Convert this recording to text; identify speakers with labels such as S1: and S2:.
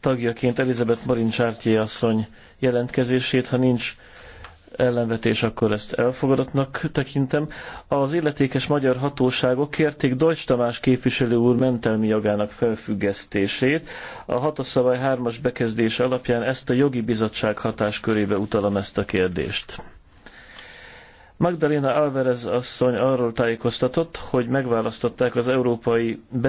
S1: tagjaként Elizabeth Marin Csártyé asszony jelentkezését, ha nincs ellenvetés, akkor ezt elfogadottnak tekintem. Az illetékes magyar hatóságok kérték Deutsch Tamás képviselő úr mentelmi jogának felfüggesztését. A hatos hármas bekezdése alapján ezt a jogi bizottság hatáskörébe utalom ezt a kérdést. Magdalena Alvarez asszony arról tájékoztatott, hogy
S2: megválasztották az Európai